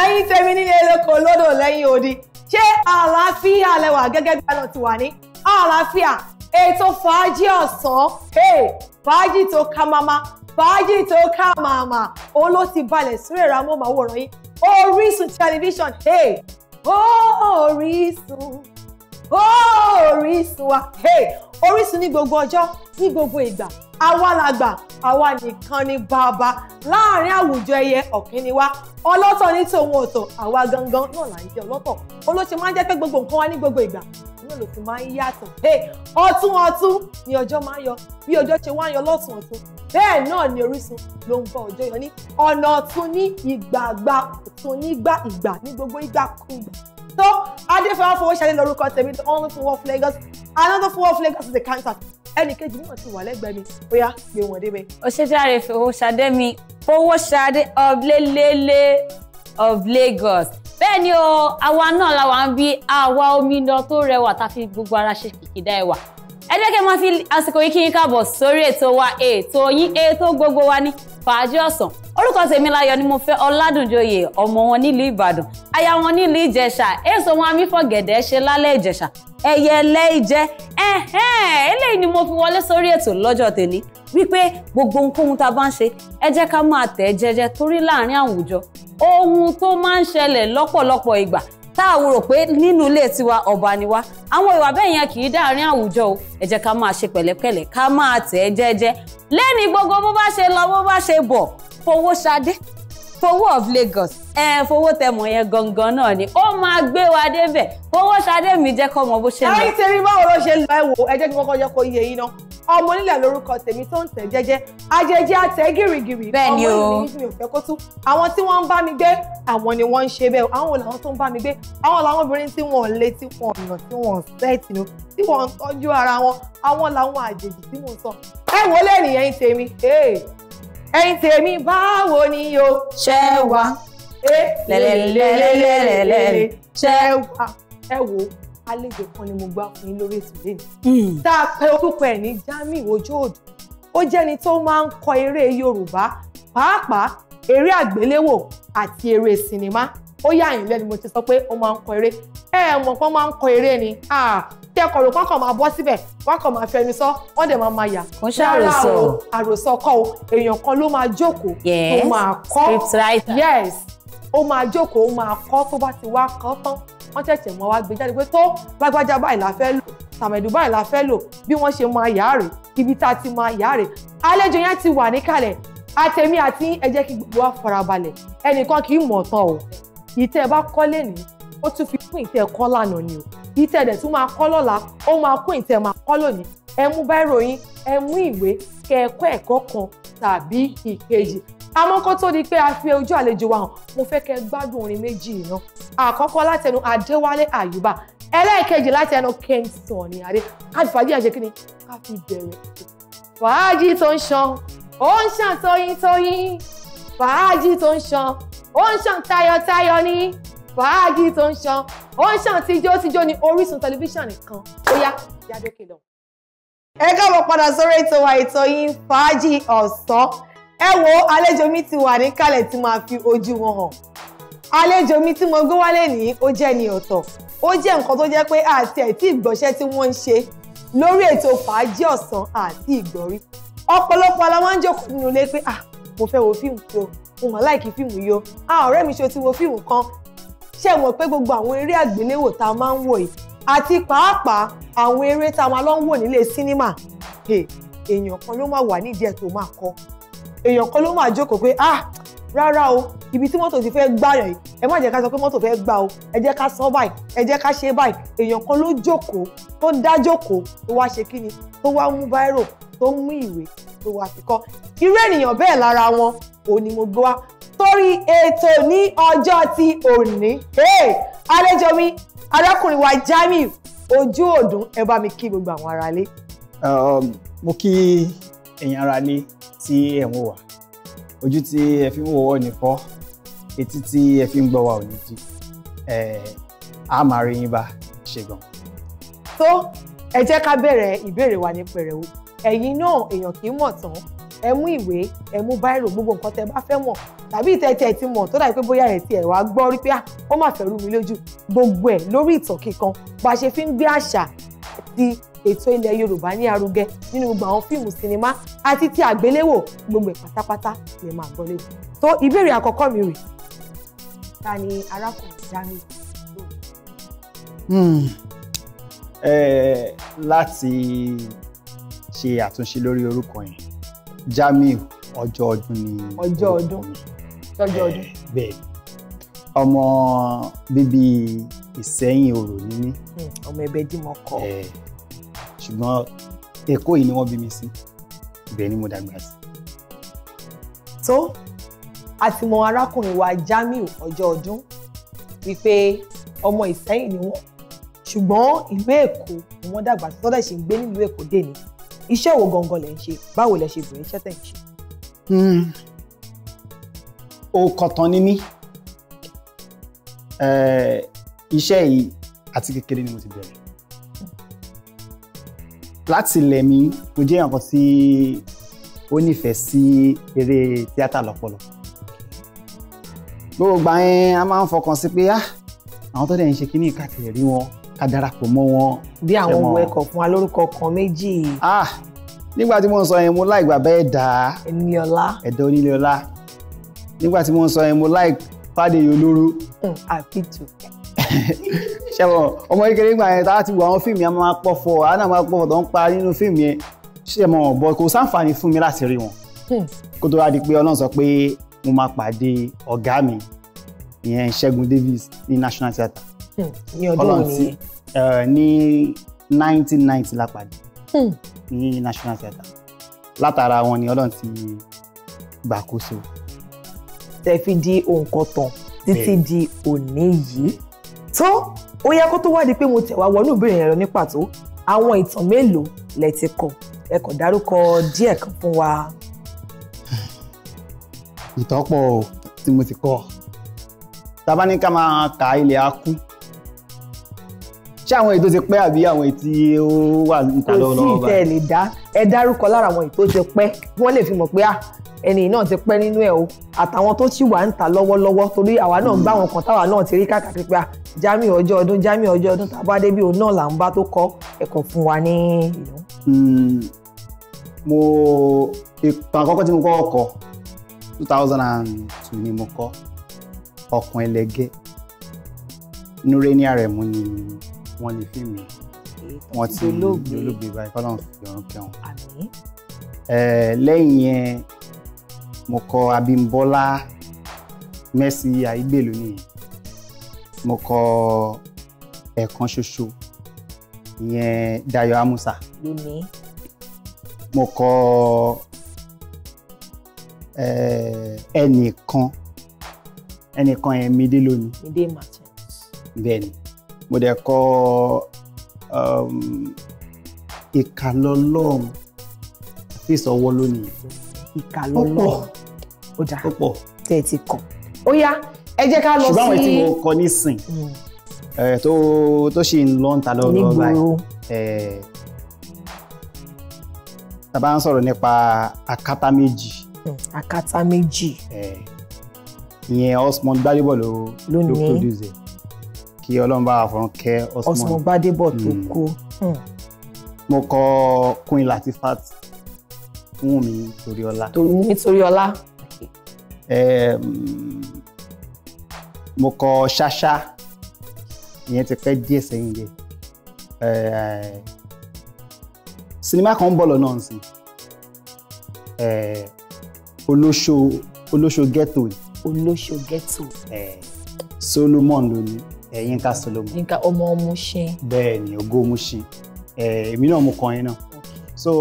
ẹ̀yin tèmi nílé lóko lódò lẹ́yìn odi ṣé àlàáfíà lẹwà gẹ́gẹ́ bí alọ ti wà ní àlàáfíà ètò fàájì ọ̀sán fàájì tó ká máma fàájì tó ká màmá òun ló ti balẹ̀ sórí ẹ̀rọ amóhùnmáwòrán yìí Orísun tẹlifíṣàn Orísun Orísun wa Orísun ní gbogbo ọjọ́ ní gbogbo ìgbà àwa làgbà àwa nìkan ni bàbá láàrin àwùjọ ẹyẹ ọ̀kín ni wá ọlọ́tọ̀ ní tòun ọ̀tọ̀ àwa gangan náà là ń jẹ́ ọlọ́tọ̀ olóṣè máa ń jẹ́ pé gbogbo nǹkan wá ní gbogbo ìgbà náà ló fi máa ń yàtọ̀ ọ̀tún ọ̀tún ni ọjọ́ máa ń yọ bí ọjọ́ ṣe wá ń yọ lọ́tún ọ̀tún bẹ́ẹ̀ náà ni Orísun ló ń bá ọjọ́ yọ ní ọ̀nà ọ̀tún ní ìgbàgbà ọ̀tún nígbà ìgbà ní gbogbo ìgbà kúgbà So Adéfẹ́wá Fowóṣadé lórúkọ tèmi tó ń fún of Lagos. Another fún of Lagos is a cancer. Ẹnì kejì níwọ̀n ti wà lẹ́gbẹ̀ẹ́ mi. Ó yá gbé wọn débẹ̀. Òṣèjáre Fowóṣadé mi, Fowóṣadé of Lélélé of Lagos. Bẹ́ẹ̀ ni o, àwa náà la wà ń bí àwa omidan tó rẹwà tá a fi gbogbo ara ṣe kìkìdá ẹwà. Ẹ jẹ́ kí n máa fi àsìkò yìí kí n káàbọ̀ sórí ètò wa ètò yín ètò gbogbo wa ní fàájì ọ̀sán orúkọ tèmi láyọ̀ ni mo fẹ́ ọládùnjoyè ọmọ wọn nílùú ìbàdàn aya wọn nílùú ìjẹ̀ṣà èso wọn amífọ̀gẹ̀dẹ̀ ṣe lálẹ́ ìjẹ̀ṣà ẹyẹ ẹlẹ́ ìjẹ́ ẹ̀hẹ́n eléyìí ni mo fi wọlé sórí ètò lọ́jọ́ tèmi wípé gbogbo ohunkóhun tá a bá ń ṣe ẹ jẹ́ ká máa tẹ̀ jẹ́jẹ́ torí láàrin àwùjọ ohun tó máa ń ṣẹlẹ̀ lọ́pọ̀lọpọ̀ ìgbà tá a wúrò pé nínú ilé tiwa ọba ni wá àwọn ìwà bẹ́ẹ̀ yẹn kì í dáàrin àwùjọ o ẹ jẹ́ ká máa ṣe pẹ̀lẹ́pẹ̀lẹ́ ká máa tẹ̀ ẹ́ jẹ́jẹ́ lẹ́ni gbogbo bó bá ṣe lọ bó bá ṣe bọ̀ Fowóṣadé fowó of Lagos ẹ fowó tẹmọ yẹn gangan náà ni ó máa gbé wa débẹ̀ fowó ṣadé mi jẹ́ kọ́mọ bó ṣe lọ. ẹ̀yin tèmi báwo ló ṣe lọ ẹ wò ẹ jẹ́ kí kọ́kọ́ jẹ́ kó yé yín náà ọmọ onílẹ̀ lórúkọ tèmi tó ń tẹ̀ jẹ́jẹ́ ajẹjẹ́ àtẹ gírígírí ọmọ ìlú mi ò fẹ́ kó tú àwọn tí wọ́n ń bá mi gbé àwọn ni wọ́n ń ṣe bẹ́ẹ̀ àwọn làwọn tó ń bá mi gbé àwọn làwọn obìnrin tí wọ́n lé tí wọ́n yàn tí wọ́n sẹ́ẹ̀tì nu tí wọ́n ń tọ́jú ara wọn àwọn làwọn àjèjì tí mò ń sọ ẹ wò lẹ́yìn ẹ̀yin tèmi ẹ̀yin tèmi báwo ni o ṣe wà lẹ́lẹ́lẹ́lẹ́lẹ́lẹ́ ṣe wà ẹ wo àlejò kan ni mo gbà fún yín lórí ètò lẹ́nu hmm. tá a pè orúkọ ẹ̀ ní Jamiu Ojoodun ó jẹ́ni tó máa ń kọ eré Yorùbá pàápàá eré àgbéléwò àti eré sinimá ó yà yín lẹ́nu mo ti sọ pé ó máa ń kọ eré ẹ mọ̀ pé ó máa ń kọ eré ni tẹkọ̀ rò pọ́n kàn máa bọ́ síbẹ̀ wọ́n kàn máa fẹnu sọ wọ́n dẹ̀ máa máa yà. kò ṣe àròsọ àròsọ kọ́ o èèyàn kan ló máa jókòó tó máa kọ́ yes ó máa jókòó ó máa kọ́ tó bá ti wá kọ́ tán wọ́n ṣẹ̀ṣẹ̀ mọ́ wá gbé jáde pé tó lágbájá báyìí la fẹ́ lò tàmẹ̀dù báyìí la fẹ́ lò bí wọ́n ṣe máa yà á rè ibi tá a ti máa yà rè àlejò yẹn ti wà níkàlẹ̀ àtẹ̀mí àti ẹ jẹ́ kí gbogbo wa farabalẹ̀ ẹnìkan kì í mọ̀ tán o ìtẹ́ ẹ bá kọ́ lẹ́nìí ó tún fi kún ìtẹ́ ẹ kọ́ lánàá ni o ìtẹ́ ẹ dẹ̀ tún máa kọ́ lọ́la ó máa kún ìtẹ́ ẹ máa kọ́ lónìí ẹ mú báírò yín ẹ mú ìwé kẹ ẹ kọ́ ẹ̀kọ́ kan tàbí ìkejì àmọ́ kó tó di pé a fi ojú àlejò wa hàn mo fẹ́ kẹ́ gbádùn orin méjì yìí náà àkọ́kọ́ láti ẹnu Adéwálé Àyùbá ẹlẹ́ẹ̀kejì láti ẹnu Kẹ́ńtọ̀ ní adé káàdì fàájì àṣẹ kínní ká fi bẹ̀rẹ̀ fàájì tó ń ṣan ó ń ṣàn tóyíntóyín fàájì tó ń ṣan ó ń ṣàn tayọ̀tayọ̀ ní fàájì tó ń ṣan ó ń ṣàn tíjótíjó ní Orísun tẹlifíṣàn nìkan ó yá jáde òkè lọ. ẹ káàbọ̀ padà sórí ètò wa ètò yín fàájì ọ̀sán ẹ wo àlejò mi ti wà níkàlẹ̀ tí máa fi ojú wọn hàn àlejò mi tí mo gbé wálé nìyí ó jẹ́ ni ọ̀tọ̀ ó jẹ́ nǹkan tó jẹ́ pé àti ẹ̀tí ìgbọ̀nsẹ́ tí wọ́n ń ṣe lórí ètò fàájì ọ̀sán àti ìgbọ̀rí ọ̀pọ̀lọpọ̀ la máa ń jókòó nínú ilé pé ah mo fẹ́ wo fíìmù tó mo mà láìkí fíìmù yo, o a ọ̀rẹ́ mi ṣe ti wo fíìmù kan ṣé mọ̀ pé gbogbo àwọn eré àgbéléwò tá a máa ń wò yìí àti pàápàá àwọn eré tá a máa lọ ń wò nílé sínímà èèyàn kan ló máa wà nídìí ẹ̀ tó máa kọ èèyàn kan ló máa jókòó pé ah rárá o ibi tí mọ́tò ti fẹ́ gbàyàn yìí ẹ má jẹ́ ká sọ pé mọ́tò fẹ́ gbà o ẹ jẹ́ ká sọ báyìí ẹ jẹ́ ká ṣe báyìí èèyàn kan ló jókòó tó dá jókòó tó wá ṣe kíni tó wá mú báírò tó ń mú ìwé tó wá fi kọ́ irú ènìyàn bẹ́ẹ̀ lára wọn ò ní mo gbọ́ wá torí ètò ní ọjọ́ ti òní àlejò arákùnrin wa Jamiu ojú òdùn ẹ bá mi kí gbogbo àwọn aráalé. Um, mo kí ẹ̀yin aráalé tí ẹ̀ ń wò wá ojú tí ẹ fi ń wò wọ́ nìkọ́ etí tí ẹ fi ń gbọ́ wa ò ní di a máa rí yín bá ṣe gan. tó ẹ jẹ́ ká bẹ̀rẹ̀ ìbéèrè wa ní pẹ̀rẹ̀wò ẹ̀yin náà èèyàn kì í mọ̀ tán ẹ mú ìwé ẹ mú báírò gbogbo nǹkan tẹ bá fẹ́ mọ̀ tàbí ìtẹ́tẹ́ ti mọ̀ tó dàbí pé bóyá ẹ̀ ti ẹ̀rọ agbọ́ rí pé à ah, ó mà fẹ́ rú mi lójú gbogbo ẹ̀ lórí ìtàn kíkan bá a ṣe fi ń gbé àṣà di ètò ilẹ̀ Yorùbá ní arugẹ nínú gbogbo àwọn fíìmù sinimá àti ti àgbéléwò gbogbo ẹ̀ pátápátá lè máa gbọ́ lé tó ìbéèrè àkọ́kọ́ mi rè ta ni arákùnrin dání lónìí. Hmm. Eh, láti ṣe àtúnṣe lórí orúkọ yẹn Jamiu ọjọ́ ọdún ni ọjọ́ ọdún ọjọ́ ọdún bẹ́ẹ̀ ọmọ bíbí Ìsẹ́yìn Orò ni mí hmm, ọmọ ẹ̀bẹ̀ dímọ̀ kọ́ ṣùgbọ́n Èkó yìí ni wọ́n bí mi sí ibẹ̀ ni mo dàgbà sí. tó a arákùnrin wa Jamiu ọjọ́ ọdún wípé ọmọ Ìsẹ́yìn ni wọ́n ṣùgbọ́n ìlú Èkó ni wọ́n dàgbà sí tọ́lẹ̀ ṣì ń nílùú Èkó dé ni iṣẹ́ wo gangan lẹ̀ ń ṣe báwo lẹ̀ ṣe bẹ̀rẹ̀ iṣẹ́ tẹ̀ ń ṣe. òkọ̀tàn hmm. ni mí eh, iṣẹ́ yìí àti kékeré ni mo ti bẹ̀rẹ̀ láti ilẹ̀ mi mo jẹ́ nǹkan tí ó nífẹ̀ẹ́ sí eré tíátà lọ́pọ̀lọpọ̀ gbogbo gbà yẹn a máa ń fọkàn sí pé ah, àwọn tó dẹ̀ ń ṣe kíní ìkàkiri rí wọn ká darapọ̀ mọ́ wọn. bí àwọn ohun ẹ̀kọ́ fún wa lórúkọ kan méjì. ah nígbà tí mo ń sọ yẹn mo láì bàbá ẹ̀dá. Ẹniọlá. ẹ̀dá Oníléọlá nígbà tí mo ń sọ yẹn mo láì Fádèyí Olóró. Hmm, àpìtù. ṣẹ́wọ̀n ọmọ kékeré gbà yẹn tá a ti wo àwọn fíìmù yẹn máa pọ̀ fọ àánà máa pọ̀ fọ tó ń pa nínú fíìmù yẹn ṣẹ́wọ̀n bọ̀ kò sáǹfààní fún mi láti rí wọn hmm. kó tó wá di pé ọlọ́run sọ pé mo máa pàdé ọ̀gá mi ìyẹn Ṣẹ́gun Davis ní National Theatre. Hmm, ní ọdún òní ní 1990 ninety la pàdé hmm. ní national theatre látara wọn ni ọlọ́run ti gbàkóso. tẹ fi di òǹkọ tán títí di òní yìí tó ó yẹ kó tó wá di pé mo tẹ̀ wá wọnú ìbéèrè yẹn lọ ní pàtó àwọn ìtàn mélòó lẹ ti kọ ẹ kàn dárúkọ díẹ̀ kan fún wa. ìtàn pọ̀ tí mo ti kọ tá ká máa ka ilẹ̀ akú ṣé àwọn ètò ti pẹ́ àbí àwọn ètò ó wà níta lọ́wọ́ báyìí. kò sí ìtẹ́ dá ẹ dárúkọ lára àwọn ètò ti pẹ́ wọ́n lè fi mọ̀ pé ẹni náà ti pẹ́ nínú ẹ̀ o àtàwọn tó ṣì wà ń ta lọ́wọ́lọ́wọ́ torí àwa náà ń bá àwọn kan táwa náà ti rí káàkiri pé jami ọjọ́ ọdún jami ọjọ́ ọdún tàbá débi òun náà là ń bá tó kọ ẹ̀kọ́ fún wa ní hmm. mo ìpa àkọ́kọ́ tí mo kọ́ ọkọ̀ two thousand and two ni mo kọ́ ọkàn ẹlẹ́gẹ́ nurenia rẹ̀ mú ni wọ́n lè fíìmù wọ́n ti dolóògbé dolóògbé báyìí kọ́lọ́n fi ọ̀run kẹwọn. lẹ́yìn yẹn mo kọ Abímbọ́lá Mercy Àìgbèlú nìyẹn mo kọ ẹ̀ẹ̀kan ṣoṣo ìyẹn Dayọ̀ Amusa lónìí mo kọ ẹnìkan ẹnìkan yẹn Mide lónìí Mide Martins mo dẹ̀ kọ um, ìkàlọ́lọ́ọ̀mù àti ìsọwọ́ lónìí. ìkàlọ́lọ́ọ̀mù ó dà pọ̀ tẹ́ ẹ ti kọ̀ ó yá ẹ jẹ́ ká lọ sí. ṣùgbọ́n àwọn tí mo kọ nísìn hmm. tó tó ṣì ń lọ ń ta lọ báyìí tá bá ń sọ̀rọ̀ nípa akátá méjì. akátá hmm, méjì. ìyẹn Osmond Gbádébọ̀ ló ló produce kí ọlọ́run bá wa fọ̀run kẹ́ Osmond Osmond Gbadebo tó hmm. kú. Hmm. mo kọ Queen Latifat fún mi torí ọlá. nítorí ọlá. mo kọ ṣáṣá ìyẹn ti pẹ́ díẹ̀ sẹ́yìn jẹ eh, sinimá kan ń bọ̀ lọ́nà olóṣò eh, olóṣò ghetto. olóṣò ghetto. Eh, Solomon ló Yínká Solomon. Yínká ọmọ Mushin. bẹ́ẹ̀ ni ògo Mushin èmi náà mo kọrin náà so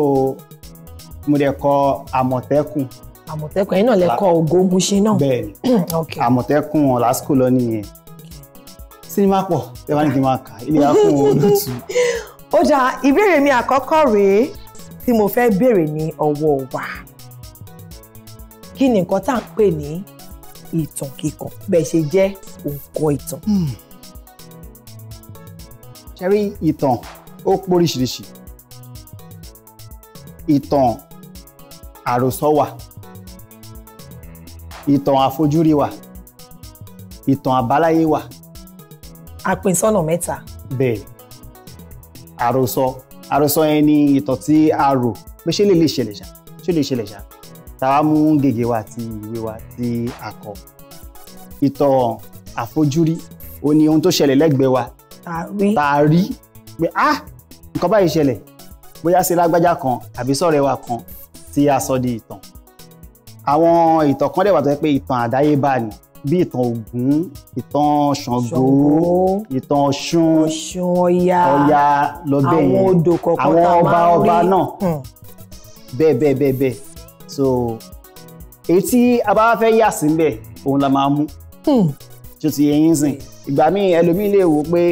mo dẹ̀ kọ àmọ̀tẹ́kùn. àmọ̀tẹ́kùn ẹ̀yin náà lè kọ ògo Mushin náà. bẹ́ẹ̀ ni àmọ̀tẹ́kùn ọ̀làsíkò lọ nìyẹn sinimá pọ̀ tẹ́ bá ní kí n máa kà ilé akún olótùú. ó dáa ìbéèrè mi àkọ́kọ́ rèé tí mo fẹ́ béèrè ní ọwọ́ wa kí ni nǹkan tá à ń pè ní ìtàn kíkọ bẹ́ẹ̀ ṣe jẹ́ òǹkọ ìtàn. Hmm ṣẹ́rí ìtàn ó póríṣiríṣi ìtàn àròsọ wà ìtàn àfojúrí wà ìtàn àbáláyé wà. a pín sọ́nà mẹ́ta. bẹ́ẹ̀ àròsọ àròsọ yẹn ni ìtàn tí a rò pé ṣé lè lè ṣẹlẹ̀ ṣá ṣé lè ṣẹlẹ̀ ṣá tàwa mú gègé wa àti ìwé wa tí a ìtàn àfojúrí ó ní ohun tó ṣẹlẹ̀ lẹ́gbẹ̀ẹ́ wa tá a pé ah nǹkan báyìí ṣẹlẹ̀ bóyá ṣe lágbájá kan àbí sọ̀rọ̀ ẹwà kan tí a sọ di ìtàn àwọn ìtàn kan dẹ̀ wà tó yẹ pé ìtàn àdáyébá ni bí ìtàn Ògún ìtàn Ṣàngó ìtàn Ọ̀ṣun Ọya Ọya lọ́bẹ̀ yẹn àwọn odò kọ̀ọ̀kan àwọn ọba ọba náà hmm. bẹ́ẹ̀ bẹ́ẹ̀ bẹ́ẹ̀ bẹ́ẹ̀ so èyí tí a bá fẹ́ yà sí ń bẹ̀ òun la máa mú tí hmm. ó ti yẹ yín sìn hmm. ìgbà míì ẹlòmíì lè wò pé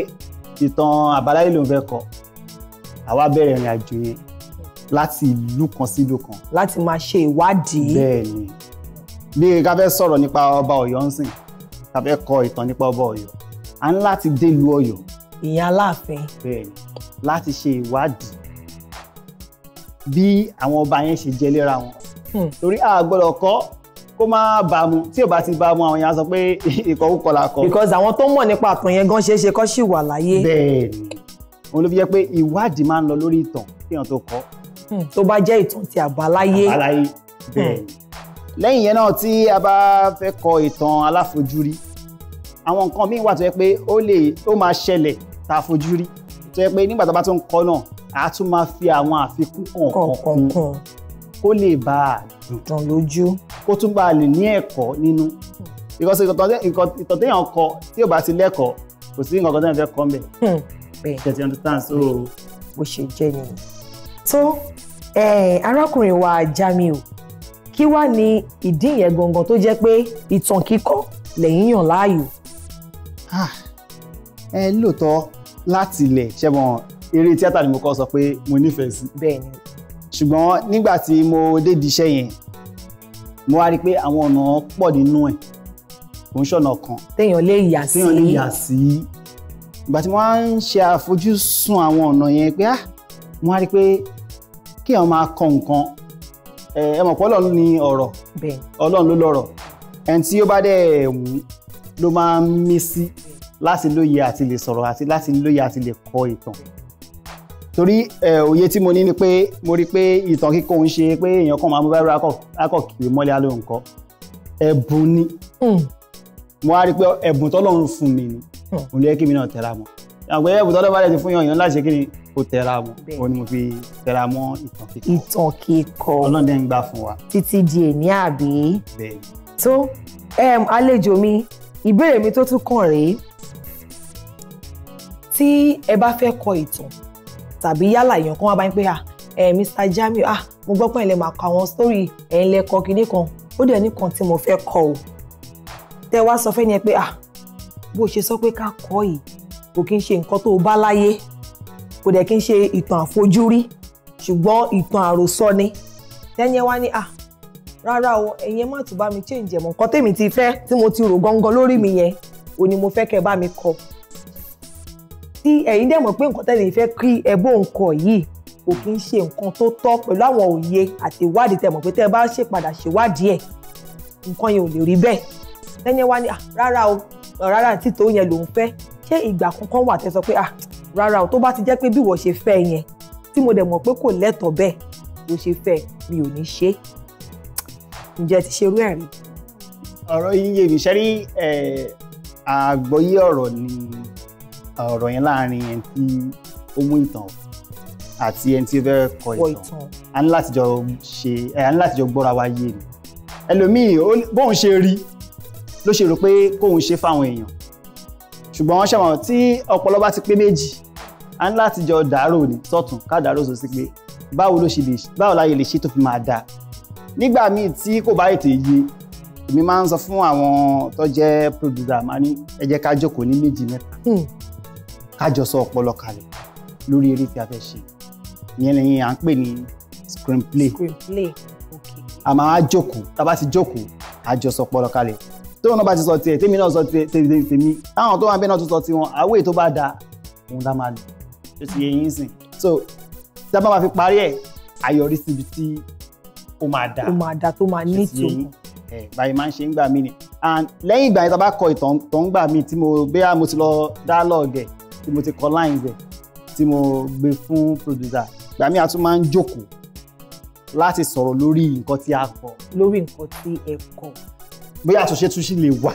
ìtàn àbáláyé ló ń fẹ́ kọ àwa bẹ̀rẹ̀ ìrìn àjò yẹn láti ìlú kan sí ìlú kan. láti máa ṣe ìwádìí. bẹ́ẹ̀ni bí ká fẹ́ sọ̀rọ̀ nípa ọba Ọ̀yọ́ ń sìn ká fẹ́ kọ ìtàn nípa ọba Ọ̀yọ́ à ń láti délùú Ọ̀yọ́. ìyẹn Aláàfin. bẹ́ẹ̀ni láti ṣe ìwádìí bí àwọn ọba yẹn ṣe jẹ léra wọn. Hmm. torí a gbọ́dọ̀ kọ́ kó má bá mu tí ò bá ti bá mu àwọn èèyàn sọ pé ìkọ̀wúkọ̀ la kọ. because àwọn tó mọ̀ nípa àtàn yẹn gan ṣeéṣe kó ṣì wà láyé. bẹ́ẹ̀ni òun ló fi jẹ́ pé ìwádìí máa ń lọ lórí ìtàn kíyàn tó kọ. Hmm, tó bá jẹ́ ìtàn ti àbáláyé. àbáláyé hmm. bẹ́ẹ̀ni. lẹ́yìn yẹn náà tí a bá fẹ́ kọ ìtàn aláfojúrí àwọn nǹkan míì wà tó yẹ pé ó lè ó máa ṣẹlẹ̀ tá a fojú rí tó yẹ pé nígbà tá a bá tún kọ náà a tún máa fi àwọn àfikún kọ̀ọ̀kan kún kó lè bá a dùn lójú kó tún bá a lè ní ẹ̀kọ́ nínú because ìtọ̀ téèyàn kọ tí ò bá ti lẹ́kọ̀ọ́ kò sí nǹkan kan téèyàn fẹ́ kọ́ ń bẹ̀. Hmm, bẹ́ẹ̀ you understand so. bó ṣe jẹ́ nìyẹn. tó arákùnrin wa Jamiu kí wàá ní ìdí ìyẹn gangan tó jẹ́ pé ìtàn kíkọ lẹ́yìn yàn láàyò. Ah, ẹ lóòótọ́ láti ilẹ̀ ṣẹ́wọ̀n eré tíátà ni mo kọ́ sọ pé mo nífẹ̀ẹ́ sí. bẹ́ẹ̀ ni ṣùgbọ́n nígbà tí mo dédi iṣẹ́ yẹn mo wá rí i pé àwọn ọ̀nà pọ̀ nínú ẹ̀ kò ń ṣọ̀nà kan. téèyàn lè yà sí. téèyàn lè yà sí. ìgbà tí wọ́n á ń ṣe àfojúsùn àwọn ọ̀nà yẹn pé ah mo wá rí i pé kéèyàn máa kọ nǹkan ẹ mọ̀ pé ọlọ́run ni ọ̀rọ̀ ọlọ́run ló lọ́rọ̀ ẹni tí ó bá dẹ̀ wù ló máa ń mí sí láti lóye àti lè sọ̀rọ̀ àti láti lóye àti lè kọ ìtàn torí òye tí mo ní ni pé mo rí i pé ìtàn kíkọ ń ṣe pé èèyàn kan máa mú báyìí akọ kiri mọ́lẹ̀ alẹ́ nǹkan ẹ̀bùn ni hmm. mo wá rí i pé ẹ̀bùn tọ́lọ́run fún mi ni hmm. òun ló yẹ kí mi náà tẹ̀ra mọ́ àgbẹ̀ ẹ̀bùn tọ́lọ́run bá lè ti fún yàn yàn láṣẹ kí ni kò tẹ̀ra mọ́ òun ni mo fi tẹ̀ra mọ́ ìtàn kíkọ ìtàn kíkọ ọlọ́dẹ ń gbà fún wa. títí di èmi àbí. tó àlejò mi ìbéèrè mi tó tún kàn rèé tí ẹ bá fẹ́ kọ ìtàn tàbí yálà èèyàn kan wá bá yín pé ah eh, Mr Jamiu ah mo gbọ́ pé ẹ̀ lè máa kọ àwọn sórí ẹ̀ ń lẹ́kọ́ kinní kan ó dẹ̀ ní kan tí mo fẹ́ kọ o tẹ wá sọ fẹ́ni ẹ pé ah bó ṣe sọ pé ká kọ yìí kò kí n ṣe nǹkan tó o bá láyé kò dẹ̀ kí n ṣe ìtàn àfojúrí ṣùgbọ́n ìtàn àròsọ ni tẹ́yẹ wá ní ah rárá o ẹ̀yin má tún bá mi change ẹ̀ nǹkan tèmi ti fẹ́ tí mo ti rò gangan lórí mi yẹn òní mo fẹ́ kẹ́ bá mi kọ tí ẹ̀yin dẹ̀ mọ̀ pé nǹkan tẹ́lẹ̀ ìfẹ́ kí ẹbọ nǹkan yìí kò kí ń ṣe nǹkan tó tọ́ pẹ̀lú àwọn òye àti ìwádìí tẹ́ mọ̀ pé tẹ́ bá ṣèpadà ṣèwádìí ẹ̀ nǹkan yẹn ò lè rí bẹ́ẹ̀ lẹ́yìn wá ní ah, rárá o rárá tí tó yẹn lòún fẹ́ ṣé ìgbà kankan wà tẹ́ sọ pé ah, rárá o tó bá ti jẹ́ pé bí wọ́n ṣe fẹ́ yẹn tí mo dẹ̀ mọ̀ pé kò lẹ́tọ̀ọ́ bẹ́ẹ̀ ló ṣe fẹ́ mi ò ní ṣe ǹjẹ́ ti ṣerú ẹ̀ rí. ọ̀rọ̀ yín yé mi ṣe rí àgbọ́yé ọ̀rọ̀ ni ọ̀rọ̀ yẹn láàrin ẹni tí ó mú ìtàn àti ẹni tí ó fẹ́ kọ ìtàn a ní láti jọ ṣe a ní láti jọ gbọ́ra wa yé ni ẹlòmíì bóun ṣe rí ló ṣe rò pé kóun ṣe fáwọn èèyàn ṣùgbọ́n wọ́n ṣàmọ̀ tí ọpọlọ bá ti pé méjì a ní láti jọ dàárò ní sọ́tún ká dàárò sósì pé báwo ló ṣe lè báwo láyè lè ṣe tó fi máa dáa nígbà míì tí kò bá ètè yé èmi máa ń sọ fún àwọn tó jẹ́ pòdùsà máa ní ẹ jẹ́ ká jókòó ní méjì mẹ́ta hmm kájọsọ ọpọlọ kalẹ̀ lórí eré tí a fẹ́ ṣe ìyẹn lẹ́yìn à ń pè ní screenplay screenplay okay a máa jókòó tá a bá ti jókòó àjọsọ ọpọlọ kalẹ̀ tóun náà bá ti sọ tiẹ̀ tèmi náà sọ tiẹ̀ tèmi táwọn tó wà bẹ́ẹ̀ náà tún sọ tiwọn àwẹ̀ tó bá da òun dá máa lò tó ti yẹ yín sìn so tá a bá máa fi parí ẹ̀ àyọrí síbi tí ó máa da ó máa da tó máa ní ìtumọ̀ báyìí máa ń ṣe ń gbà mí ni and lẹ́yìn ìgbà yẹn tá a bá kọ ìtàn tó ń gbà mí tí mo bẹ́ẹ̀ mo ti lọ dialogue ẹ̀ tí mo ti kọ line bẹ̀ tí mo gbé fún producer gbàmí a tún máa ń jókòó láti sọ̀rọ̀ lórí nǹkan tí a kọ. lórí nǹkan tí ẹ kọ. bóyá àtúnṣe tún ṣì lè wà.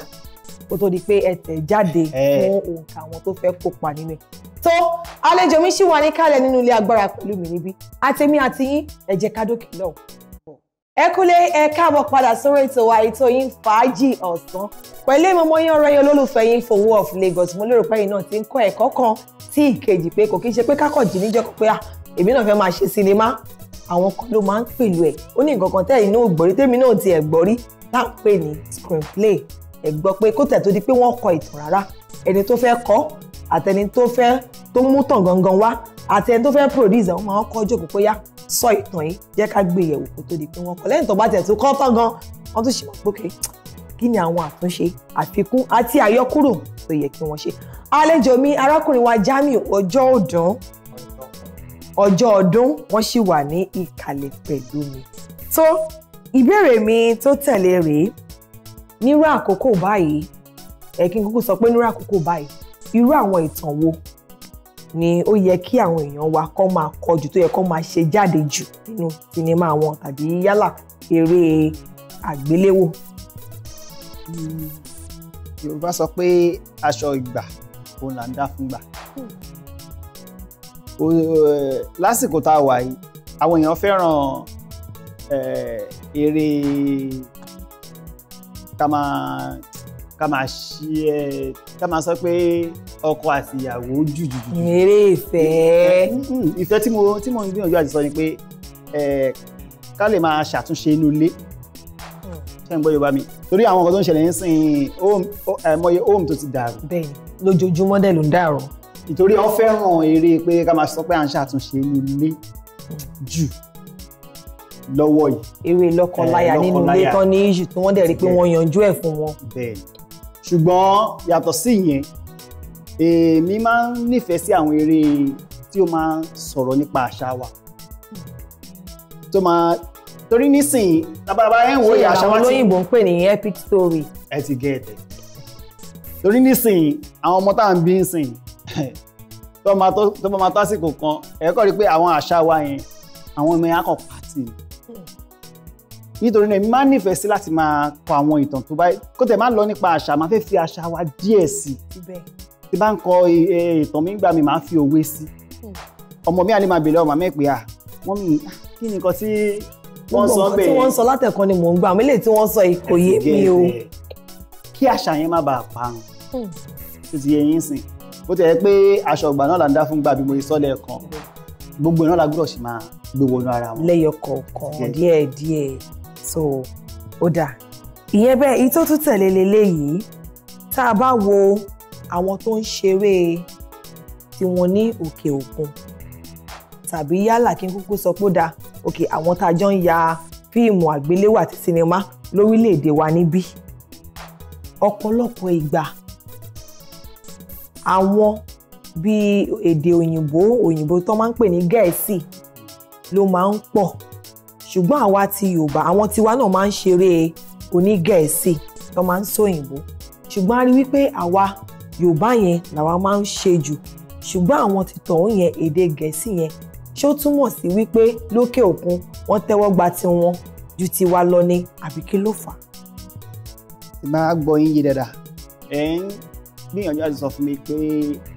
kó tó di pé ẹ tẹ̀ jáde fún òǹkà àwọn tó fẹ́ kópa nínú ẹ̀. tó àlejò mi ṣì wà ní kálẹ̀ nínú ilé agbára pẹ̀lú mi níbí àtẹ̀mí àti yín ẹ ká dókè lọ́hùn ẹ kúlé ẹ káàbọ̀ padà sórí ètò wa ètò yín fàájì ọ̀sán pẹ̀lú ìmọ̀mọ́ yín ọ̀rẹ́ yín olólùfẹ́ yín fowó of Lagos mo lérò pé yín náà ti ń kọ́ ẹ̀kọ́ kan tí ìkejì pé kò kí ń ṣe pé kákọ̀ jì níjọ́ pé à ah, èmi náà fẹ́ máa ṣe sinimá àwọn kan ló máa ń pèlú ẹ̀ ó ní nǹkan kan tẹ́ inú ògbórí tèmi náà ti ẹ̀gbọ́rí tá à ń pè ní screenplay ẹ gbọ́ pé kó tẹ̀ tó di pé wọ́n kọ ìtàn rárá ẹni tó fẹ́ kọ àtẹni tó fẹ́ tó mú tàn gangan wá àtẹni tó fẹ́ produce àwọn máa ń kọ́ jókòó pé yá sọ ìtàn yìí jẹ́ ká gbé yẹ̀wò kó tó di pé wọ́n kọ́ lẹ́yìn tó bá tẹ̀ tó kọ́ tán gan wọ́n tún ṣe mọ̀ pé kí kí ni àwọn àtúnṣe àfikún àti àyọkúrò tó yẹ kí wọ́n ṣe. àlejò mi arákùnrin wa Jamiu ọjọ́ ọ̀dán ọjọ́ ọdún wọ́n sì wà ní ìkàlẹ̀ pẹ̀lú mi. tó ìbéèrè mi tó tẹ̀lé rèé nírú àkókò báyìí ẹ sọ pé nírú àkókò báyìí irú àwọn ìtàn wo ni ó yẹ kí àwọn èèyàn wa kọ́ máa kọ jù tó yẹ kọ́ máa ṣe jáde jù nínú sinimá wọn tàbí yálà eré àgbéléwò. Yorùbá sọ pé aṣọ ìgbà òun là ń dá fúngbà lásìkò tá a wà yìí àwọn èèyàn fẹ́ràn eh, eré ká máa ká máa ṣí ẹ ká máa sọ pé ọkọ àti ìyàwó jù jù jù. mèrè ìfẹ́. Mm, ìfẹ́ tí mo tí mo ń gbìyànjú àti sọ ni pé ká lè máa ṣàtúnṣe inú ilé hmm. ṣe ń gbọ́ yorùbá mi torí àwọn nǹkan tó ń ṣẹlẹ̀ ń sìn mọye home tó ti dàrú. bẹ́ẹ̀ lójoojúmọ́ dẹ̀ ló ń dàrú. ìtorí wọn fẹ́ràn eré pé ká máa sọ pé à ń ṣàtúnṣe inú ilé hmm. jù lọ́wọ́ yìí. eré lọ́kọláya nínú ilé tán ní ìṣù tí wọ́n dẹ̀ rí pé wọ́n yanjú ẹ̀ fún wọn. bẹ́ẹ̀ ṣùgbọ́n yàtọ̀ sí ìyẹn èmi máa ń nífẹ̀ẹ́ sí àwọn eré tí ó máa ń sọ̀rọ̀ nípa àṣà wa tó máa torí nísìnyí labalábá ẹ̀ ń wo ìyá àṣà wa ti. àwọn olóyìnbó ń pè ní epic story. ẹ ti gé ẹ̀tẹ̀ torí nísìnyí àwọn ọmọ tá à ń bí ń sìn tó bá máa tó àsìkò kan ẹ̀ kọ́ rí pé àwọn àṣà wa yẹn àwọn ọmọ yẹn á kàn pàtì nítorí náà má nífẹ̀ẹ́ sí láti máa kọ àwọn ìtàn tó bá kó tẹ̀ má lọ nípa àṣà máa fẹ́ fi àṣà wa díẹ̀ sí i tí bá ń kọ e, e, ìtàn mi gbà mí máa fi òwe sí hmm. ọmọ mi àlè máa bèèrè ọmọ mi pé à wọ́n mi kí ni nǹkan tí wọ́n sọ bẹ́ẹ̀ tí wọ́n sọ látẹ̀kan ni mò ń gbà mí lè tí wọ́n sọ kò yé mi o. kí àṣà yẹn má bàa parun tó hmm. ti yẹ yín sìn bó ti pé aṣọ ọgbà náà là ń dá fún gbà mo ṣe lẹ́ẹ̀kan gbogbo náà la gbọ́dọ̀ sì máa gbé wọnú ara wọn. lẹ́yọ kọ̀ọ̀kan díẹ̀ díẹ̀ so ó dáa ìyẹn bẹ́ẹ̀ èyí tó tún tẹ̀lé leléyìí tá a bá wo àwọn tó ń ṣeré tiwọn ní òkè òkun tàbí yálà kí n kúkú sọ pé ó dáa òkè àwọn tá a jọ ń ya fíìmù àgbéléwò àti sinimá lórílẹ̀‐èdè wa níbí ọ̀pọ̀lọpọ̀ ìgbà àwọn bíi èdè òyìnbó òyìnbó tó máa ń pè ní gẹ̀ẹ́sì ló máa ń pọ̀ ṣùgbọ́n àwa ti yorùbá àwọn tiwa náà máa ń ṣeré onígẹ̀ẹ́sì tó máa ń sóyìnbó ṣùgbọ́n a rí wípé àwa yorùbá yẹn làwa máa ń ṣe jù ṣùgbọ́n àwọn ti tọ̀hún yẹn èdè gẹ̀ẹ́sì yẹn ṣó túmọ̀ sí wípé lókè òkun wọ́n tẹ́wọ́ gba tiwọn ju tiwa lọ ni àbí kí ló fà á. ìmọ̀ àgbọ̀ yín yé dáadáa ẹ̀ ń gbìyànjú àti sọ fún mi pé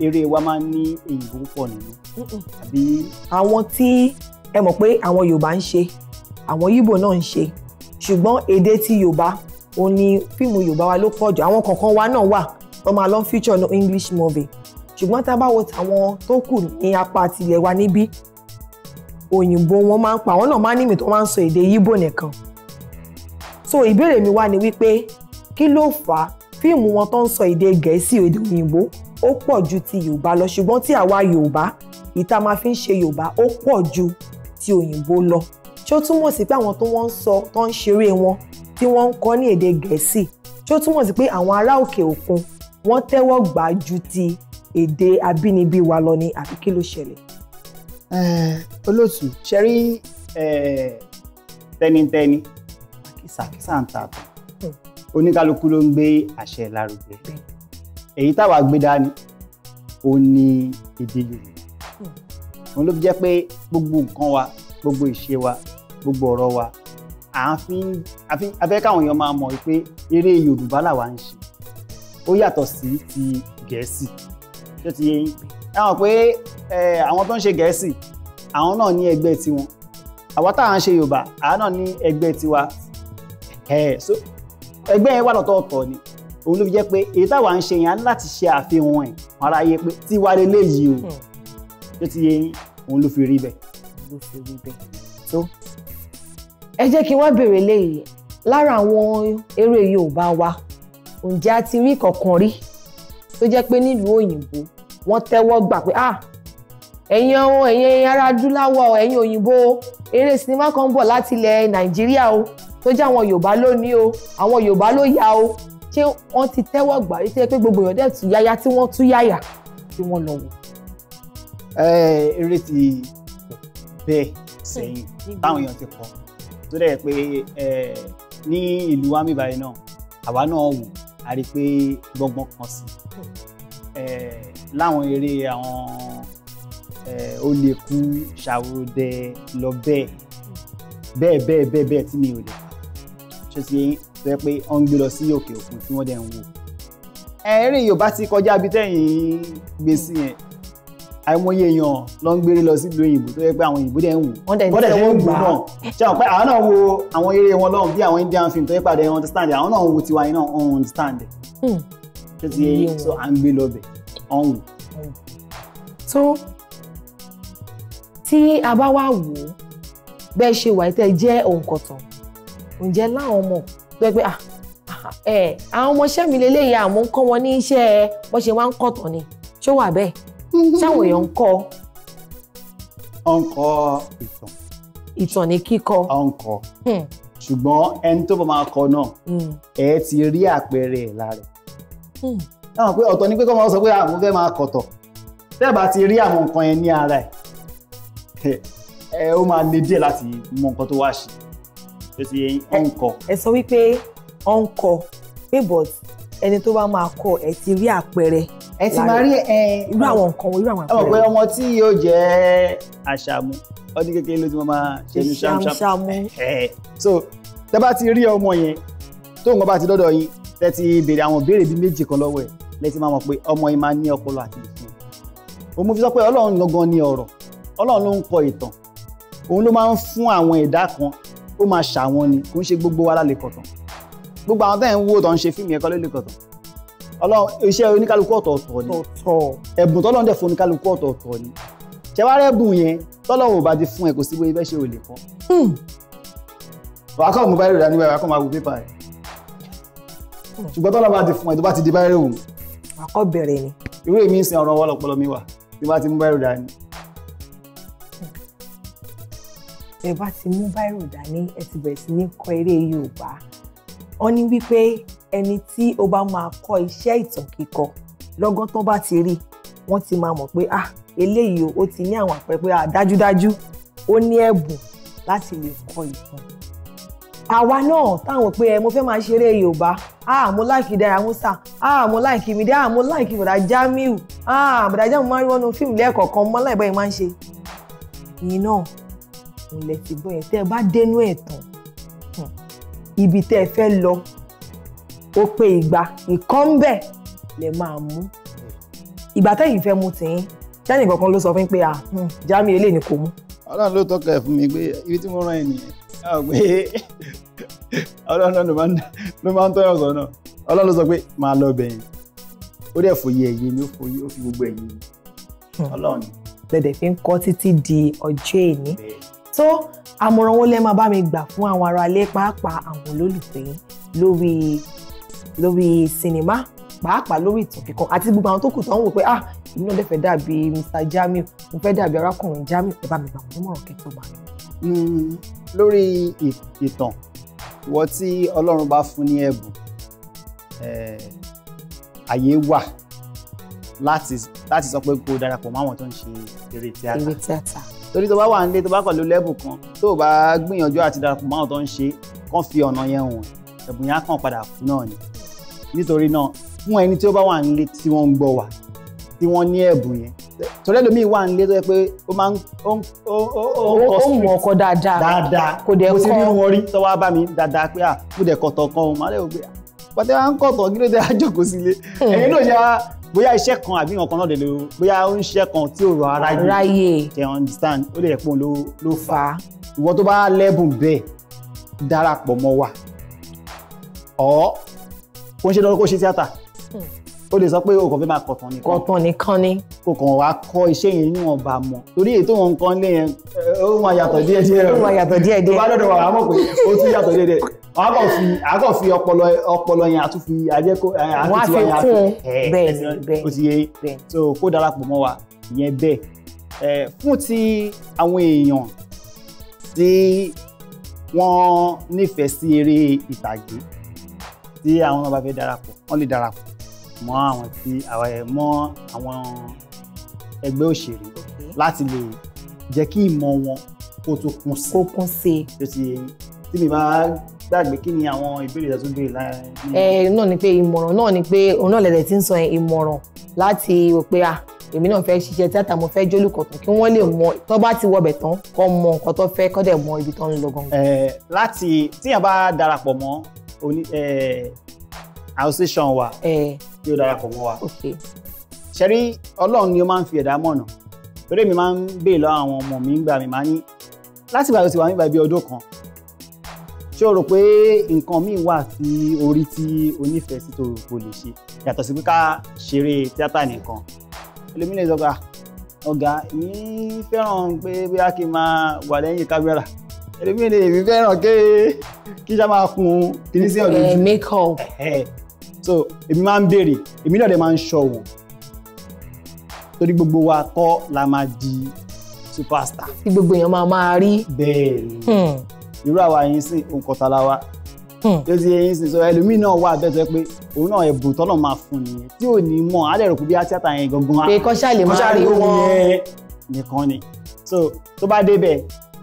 eré wa máa ń ní èyí tó pọ̀ nínú. àbí. àwọn tí ẹ mọ̀ pé àwọn yorùbá ń ṣe àwọn Yíbò náà ń ṣe ṣùgbọ́n èdè ti Yorùbá òun ni fíìmù Yorùbá wa ló pọ̀ àwọn kọ̀ọ̀kan wa náà wà wọ́n máa lọ́n feature no English movie ṣùgbọ́n tá a bá wo àwọn tó kù ní apá tilẹ̀ wa níbí òyìnbó wọn máa ń pa àwọn náà máa ń nímì tó máa ń sọ èdè Yíbò nìkan so ìbéèrè mi wá ni wípé kí ló fà á fíìmù wọn tó ń sọ èdè Gẹ̀ẹ́sì èdè òyìnbó ó pọ̀ ju ti Yorùbá lọ ṣùgbọ́n tí àwa Yorùbá ìta máa fi ń ṣe Yorùbá ó pọ̀ ju ti òyìnbó lọ ṣé ó túmọ̀ sí pé àwọn tó wọ́n ń sọ tó ń ṣeré wọn tí wọ́n ń kọ́ ní èdè gẹ̀ẹ́sì ṣé ó túmọ̀ sí pé àwọn ará òkè òkun wọ́n tẹ́wọ́ gbà ju ti èdè abínibí wa lọ ni àbí kí ló ṣẹlẹ̀. olóòtú ṣe rí tẹnitẹni àkísàkísà ń tààtà hmm. oníkálukú ló ń gbé àṣẹ lárugẹ èyí táwa gbé dání ó ní èdè yorùbá hmm. òun ló fi jẹ́ pé gbogbo nǹkan wa gbogbo ìṣe wa gbogbo ọ̀rọ̀ wa àfẹ́ káwọn èèyàn máa mọ̀ pé eré Yorùbá làwa ń ṣe ó yàtọ̀ sí ti Gẹ̀ẹ́sì tó ti yé yín ẹ mọ̀ pé àwọn tó ń ṣe Gẹ̀ẹ́sì àwọn náà ní ẹgbẹ́ tiwọn àwa táwa ń ṣe Yorùbá àwa náà ní ẹgbẹ́ tiwa ẹgbẹ́ yẹn wà lọ́tọ̀ọ̀tọ̀ ni òun ló fi jẹ́ pé èyí táwa ń ṣe yẹn láti ṣe àfihàn ẹ̀ ara yẹ pé tiwa lélẹ́yìí o tó hmm. ti yé yín òun ló fi rí bẹ́ẹ̀ ẹ jẹ́ kí n wá béèrè léyìí lára àwọn eré Yorùbá wa ǹjẹ́ a ti rí kankan rí tó jẹ́ pé nílùú òyìnbó wọ́n tẹ́wọ́ gbà pé ah ẹ̀yin ọ̀hún ẹ̀yin ará adúláwọ̀ ẹ̀yin òyìnbó eré sinimá kan ń bọ̀ láti ilẹ̀ Nàìjíríà o tó jẹ́ àwọn Yorùbá ló ní o àwọn Yorùbá ló yá o ṣé wọ́n ti tẹ́wọ́ gbà rí tó yẹ pé gbogbo èèyàn dẹ̀ tú yáyá tí wọ́n tú yáyà tí wọ́n lọ wò. ẹ eré ti bẹ́ẹ̀ sẹ́yìn táwọn èèyàn ti kọ tó dẹ̀ pé ní ìlú wa mìíràn yìí náà àwa náà wò a rí i pé gbọ́ngbọ́n kan sí láwọn eré àwọn ó lè kú ṣàwòdẹ lọ bẹ́ẹ̀ bẹ́ẹ̀ bẹ́ẹ̀ bẹ́ẹ̀ bẹ́ẹ̀ tí mi ò lè ṣe ti sọ pé wọ́n ń gbé lọ sí òkè òkun tí wọ́n dẹ̀ ń wò. eré Yorùbá ti kọjá bí gbèsè yẹn àìmọye èèyàn ló ń gbére lọ sílùú òyìnbó tó yẹ pé àwọn òyìnbó dẹ̀ ń wò wọ́n dẹ̀ ń wò náà ṣáà pé àwọn náà wo àwọn eré wọn lọ́hùn bí àwọn Indian film tó yẹ pàdé understand àwọn náà wo tiwa iná understand hmm. ṣé ti yẹ so à ń gbé lọ́bẹ̀ ọ̀hún. tó tí a bá wá wò ó bẹ́ẹ̀ ṣe wà tẹ́ jẹ́ òǹkọ̀tàn ǹjẹ́ láwọn ọmọ tó yẹ pé ah, ah, ah eh, àwọn ọmọọṣẹ́ mi lélẹ́yìí àmọ́ ń kọ́ wọn ní iṣẹ́ bó ṣe wá ń kọ̀tàn ni ṣó wà bẹ́ẹ̀ sáwọn èèyàn ń kọ. ọ ń kọ ìtàn. ìtàn ní kíkọ. ọ ń kọ hmm. ṣùgbọ́n ẹni tó bá máa kọ náà hmm. ẹ ti rí àpẹẹrẹ ẹ̀ lára ẹ̀. táwọn hmm. pé ọ̀tọ̀ ni pé kọ́ máa sọ pé àwọn fẹ́ máa kọ̀tọ̀ tẹ́ẹ̀ bá ti rí àwọn nǹkan yẹn ní ara ẹ̀ ẹ ó máa le díẹ̀ láti mọ nǹkan tó wá ṣe tó ti yẹ ọ̀nkọ. ẹ sọ wípé ọ̀nkọ pé but ẹni tó bá máa kọ ẹ ti rí àpẹẹrẹ ẹ ti máa rí ẹ irú àwọn nǹkan irú àwọn àpẹẹrẹ. ọmọ pé ọmọ tí yóò jẹ àṣàmú ọdún kékeré ló ti máa ṣe ní ṣàmṣàmú. so tẹ bá ti rí ọmọ yẹn tó nǹkan bá ti dọ́dọ̀ yín tẹ ti béèrè àwọn béèrè bíi méjì kan lọ́wọ́ ẹ̀ lẹ ti máa mọ̀ pé ọmọ yẹn máa ní ọpọlọ àti ìfún un mo fi sọ pé ọlọ́run gangan ni ọ̀rọ̀ ọlọ́run ló ń kọ ìtàn òun ló máa ń fún àwọn ẹ̀dá kan ó máa ṣà ni kò ń ṣe gbogbo wa lálẹ́ kọ̀tàn gbogbo àwọn tẹ́ ń wò tó ń ṣe fíìmù yẹn kọ́ ló lè kọ̀tọ̀ ọlọ́run iṣẹ́ oníkálukú ọ̀tọ̀ọ̀tọ̀ ni ẹ̀bùn tọ́lọ́run dẹ̀ fún oníkálukú ọ̀tọ̀ọ̀tọ̀ ni ṣé wàá rẹ́bùn yẹn tọ́lọ́run ò bá ti fún ẹ kò sí bóyá ṣe ò lè kọ́. Hmm. wàá kọ́ mú báyìí rẹ̀ níwáyà wàá kọ́ máa wo pépà rẹ̀ hmm. ṣùgbọ́n tọ́lọ́run bá ti fún ẹ tó bá ti di báyìí rẹ̀ wò. wàá ni. irú èmi hmm. ti mú báyìí rẹ̀ dání ẹ ti bẹ̀rẹ̀ sí ní kọ eré yorùbá wọ́n ní wípé ẹni tí ó bá máa kọ́ iṣẹ́ ìtàn kíkọ lọ́gán tó bá ti rí wọ́n ti máa mọ̀ pé ah eléyìí o ó ti ní àwọn àpẹẹrẹ ah dájúdájú ó ní ẹ̀bùn láti lè kọ ìtàn àwa náà táwọn pé ẹ mo fẹ́ máa ṣeré yorùbá ah mo láìkí dára musa ah mo láìkí mi dé ah mo láìkí bọ̀dá jamiu ah bọ̀dá jamiu máa ń rí wọnú fíìmù lẹ́ẹ̀kọ̀ọ̀kan mọ́ láì báyìí máa ń ṣe. ìyìn náà òun lè ti gbọ́ yẹn tẹ́ ẹ bá dénú ẹ̀ tán ibi tẹ́ ẹ fẹ́ lọ ó pé ìgbà ìkan ń bẹ̀ lè máa mú ìgbà tẹ́yìn fẹ́ mú tìyín jáde kankan ló sọ fún mi pé ah hmm, Jamiu eléyìí ni kò mú. Ọlọ́run ló tọ́ka ẹ fún mi pé ibi tí mo rán ẹ nìyẹn náà pé Ọlọ́run ló máa ń tọyọ sọ náà Ọlọ́run ló sọ pé máa lọ bẹyìn ó dẹ̀ fòye ẹ̀yẹ mi ó fòye ó fi gbogbo ẹ̀yẹ mi hmm. Ọlọ́run. lẹ́dẹ̀ fi ń kọ́ títí di ọjọ́ èní so àmọ̀ràn wo lẹ́ máa bá mi gbà fún àwọn aráalé pàápàá àwọn olólùfẹ́ lórí lórí sinimá pàápàá lórí ìtàn kíkan àti gbogbo àwọn tó kù tó ń wò pé ah èmi náà dẹ̀ fẹ́ dàbí Mr. Jamiu mo fẹ́ dàbí arákùnrin Jamiu ẹ bá mi gbà wọ́n nímọ̀ràn kẹ́kọ̀ọ́ bá mi. Hmm, lórí ìtàn wọ́n tí Ọlọ́run bá fún ní ẹ̀bùn àyè wà láti sọ pé kó darapọ̀ mọ́ àwọn tó ń ṣe eré tíátà torí tó bá wà nílé tó bá pẹ̀lú lẹ́bù kan tó bá gbìyànjú àti darapọ̀ mọ́ àwọn tó ń ṣe kán fi ọ̀nà yẹn hàn ẹ̀bùn yẹn á kàn padà fún náà ni nítorí náà fún ẹni tí ó bá wà nílé tí wọ́n ń gbọ́ wà tí wọ́n ní ẹ̀bùn yẹn torí ẹlòmíì wà nílé tó yẹ pé ó máa ń ó ń kọ street ó ń wọ ọkọ dáadáa dáadáa kò dẹ̀ kọ́ mo ti rí wọn rí tọ́wọ́ bá mi dáadáa pé à mo dẹ̀ kọ̀tọ̀ kan òun máa lè wò pé pàtẹ́wà ń kọ̀tọ̀ kí ló dé àjòkó sílé hmm. ẹ̀yin náà ṣe bóyá iṣẹ́ kan àbí nǹkan náà lè lo bóyá ó ń ṣiṣẹ́ kan tí ò rọ aráyè ṣe understand ó lè yẹ pé òun ló fà á ìwọ tó bá lẹ́bùn bẹ́ẹ̀ darapọ̀ mọ́ wa ọ̀ kó ń ṣe lọ́dún kó ṣe tíátà hmm. ó lè sọ pé o kàn fẹ́ máa kọ̀tàn nìkan kọ̀tàn nìkan ni kò kàn wá kọ́ iṣẹ́ yẹn níwọ̀nba mọ̀ torí èyí tó wọn nǹkan lé ó máa yàtọ̀ díẹ̀díẹ̀ ó máa yàtọ̀ díẹ̀díẹ̀ tó bá lọ́dọ̀ wà á mọ̀ pé ó tún yàtọ̀ díẹ̀díẹ̀ wọn kàn fi àkàn fi ọpọlọ ọpọlọ yẹn àtúnfi ajẹkọ àtúntì eh, wa yẹn àtúntì bẹ́ẹ̀ bẹ́ẹ̀ o ti yẹ so kó darapọ̀ mọ́ wa ìyẹn bẹ́ẹ̀ eh, fún ti àwọn èèyàn tí wọ́n nífẹ̀ẹ́ sí eré ìtàgé tí àwọn náà bá fẹ́ darapọ̀ wọ́n lè darapọ̀ mọ́ àwọn tí eh, mọ́ àwọn ẹgbẹ́ òṣèré láti lè jẹ́ kí ìmọ̀ wọn kó tó kún sí. kó kún sí. tí mi bá gbàgbé kí ni àwọn ìbéèrè tó tún béèrè lára ẹ. ẹ náà ni pé ìmọ̀ràn náà ni pé òun náà lẹ̀lẹ̀ ti ń sọ yẹn ìmọ̀ràn láti rò pé à èmi náà fẹ́ ṣiṣẹ́ tíátà mo fẹ́ jólùkọ̀tàn kí wọ́n lè mọ tó bá ti wọbẹ̀ tán kó mọ nǹkan tó fẹ́ kó dẹ̀ mọ ibi tó ń lọ gan. ẹ láti tíyàn bá darapọ̀ mọ́ association wa tí ó darapọ̀ mọ́ wa ṣẹ́rí ọlọ́run ni ó máa ń fi ẹ̀dá mọ̀nà torí mi máa ń béè lọ àwọn ọmọ mi ń gbà mí máa ní láti ìgbà tó ti wà nígbà bíi ọdún kan ṣé o rò pé nǹkan míì wà sí orí tí o nífẹ̀ẹ́ sí tó rò pé o lè ṣe yàtọ̀ sí pé ká ṣeré tíátà nìkan ẹlòmínà ìzọba ọ̀gá mi fẹ́ràn pé bóyá kí n máa wà lẹ́yìn kámẹ́rà ẹlòmínà èmi fẹ́ràn ké kí ṣá máa kun kìíní sí ọ̀dọ̀ eh, make up so èmi máa ń béèrè èmi náà dẹ̀ máa ń ṣọ̀wọ̀ torí gbogbo wa kọ́ la máa di superstar. tí gbogbo èèyàn máa máa rí. bẹ́ẹ̀ ni. Hmm irú àwa yìí sìn òun kọsàlà wa tó ti yẹ yín sìn so ẹlòmíì náà wà bẹ́ẹ̀ tó yẹ pé òun náà ẹ̀bùn tọ́lọ̀ máa fún nìyẹn tí ò ní mọ̀ á lè rò pé bí tíátà yẹn gangan pé kọ́ṣà lè máa rí wọn nìkan ni so tó bá débẹ̀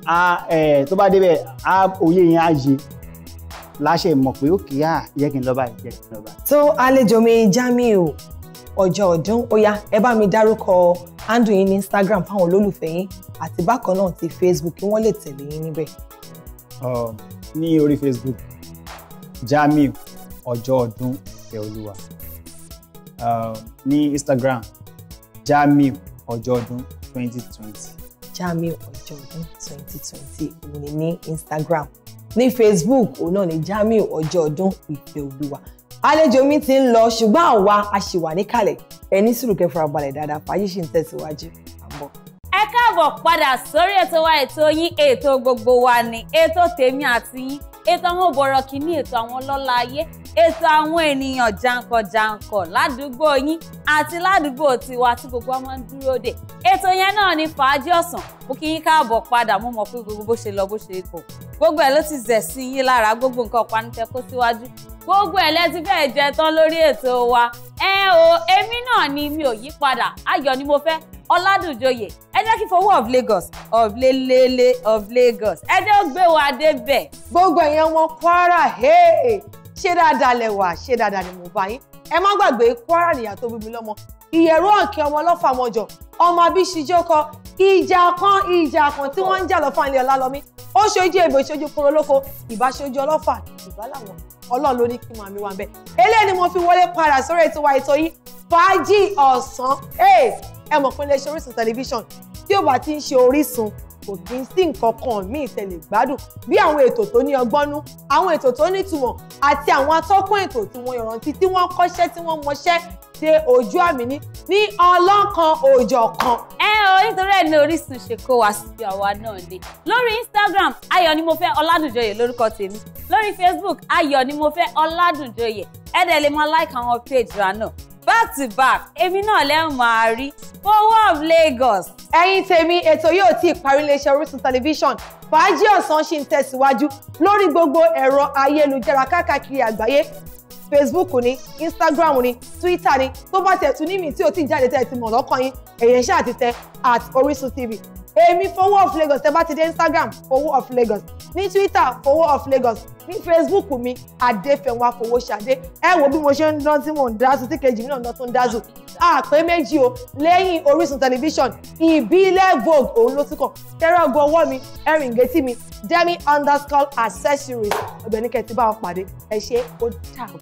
á tó bá débẹ̀ á òye yẹn á yé láṣẹ mọ̀ pé ó kì í à yẹ kí n lọ báyìí yẹ kí n lọ báyìí. tó àlejò mi Jamiu ọjọ́ ọdún ó ẹ bá mi dárúkọ handle yín ní Instagram fáwọn olólùfẹ́ yín àti bákan náà ti Facebook kí wọ́n lè tẹ̀lé yín níbẹ̀. Um, ní orí Facebook Jamiu ọjọ́ ọdún ìfẹ́ olúwa um, ní Instagram Jamiu ọjọ́ ọdún 2020. twenty. Jamiu ọjọ́ ọdún twenty twenty òun ni ní Instagram ní Facebook òun náà ni Jamiu ọjọ́ ọdún ìfẹ́ olúwa àlejò mi ti ń lọ ṣùgbọ́n àwa a ṣì wà níkàlẹ̀ ẹni sùúrù kẹfà balẹ̀ dáadáa fàájì ṣì ń tẹ̀síwájú ẹ káàbọ̀ padà sórí ètò wa ètò yín ètò gbogbo wa ni ètò tèmi àti yín ètò àwọn òbọ̀rọ̀ kìíní ètò àwọn ọlọ́lá ayé ètò àwọn ènìyàn jàǹkànjàǹkàn ládùúgbò yín àti ládùúgbò tiwa tí gbogbo wa máa ń dúró dè ètò yẹn náà ni fàájì ọ̀sán mo kí yín káàbọ̀ padà mo mọ̀ pé gbogbo bó ṣe lọ bó ṣe kò gbogbo ẹ̀ ló ti zẹ̀ sí yín lára gbogbo nǹkan panitẹ́ kó síwájú gbogbo ẹ̀ lẹ́tí fẹ́ẹ́ jẹ tán lórí ètò wa ẹ o èmi náà ni mi ò yí padà ayọ̀ ni mo fẹ́ ọ̀làdùnjoyè ẹ jẹ́ kí fowó of Lagos of lelele of Lagos ẹ jẹ́ ó gbé wa débẹ̀. gbogbo ẹ̀yẹn wọn Kwara ṣé dáadáa lẹ wà ṣé dáadáa ni mo bá yín ẹ má gbàgbé Kwara nìyà tó bí lọ́mọ ìyẹ̀rú ọ̀kẹ́ ọmọ ọlọ́fà mọ́jọ ọmọ abíṣijókọ ìjà kan ìjà kan tí wọ́n ń jà lọ́fà ilé ọlálọ́mí ó ṣojú èbò ìṣojú kúrò lóko ìbáṣojú ọlọ́fà ìbálàwọ̀n ọlọ́run ló ní kí màmí wa bẹ́ẹ̀ eléyìí ni mo fi wọlé padà sórí ètò wa ètò yìí fàájì ọ̀sán ẹ mọ̀ pé iléeṣẹ́ Orísun tẹlifíṣàn tí ó bá ti ń ṣe Orísun kò kí n sí nǹkan kan míì tẹ̀lé gbádùn bí àwọn ètò tó ní ọgbọ́nú àwọn ètò tó nítumọ̀ àti àwọn atọ́kùn ètò tí wọ́n yọ̀ràn tí tí wọ́n kọ́ṣẹ́ tí wọ́n mọṣẹ́ ṣe ojú àmì ní ní ọlọ́kan òjọ̀ kan. ẹ o nítorí ẹ ní Orísun ṣe kó wá sí àwa náà dé lórí Instagram ayọ̀ ni mo fẹ́ ọládùnjọyè lórúkọ tèmi lórí Facebook ayọ̀ ni mo fẹ́ ọládùnjọyè ẹ dẹ̀ lè máa like àwọn page wa náà back to back èmi náà lẹ́hìn máa rí owó of Lagos. ẹ̀yin tèmi ètò yóò tí ì parí iléeṣẹ́ Orísun tẹlifíṣọ̀n fàájì ọ̀sán ṣì ń tẹ̀síwájú lórí gbogbo ẹ̀rọ ayélujára káàkiri àgbáyé facebook ni instagram ni twitter ni tó bá tiẹ̀ tún ní mi tí o ti jáde tẹ́ ti mọ̀ lọ́kàn yín èyàn ṣáà ti tẹ at Orisun TV èmi fowó of Lagos tẹ́ bá ti dé instagram fowó of Lagos ní twitter fowó of Lagos ní facebook mi adéfẹ̀wá fowó ṣadé ẹ wo bí mo ṣe ń dán tí mò ń dázù tí kejì náà tó ń dázù àpé méjì o lẹ́yìn Orísun tẹlifíṣọ̀n ìbílẹ̀ vogue òun ló tún kàn tẹ́rẹ́ ọgọ́ ọwọ́ mi Erin ìgétí mi demi underscore accessories ọ̀gbẹ́ni kẹ́tì bá wọn pàdé ẹ ṣe ó dàbọ̀.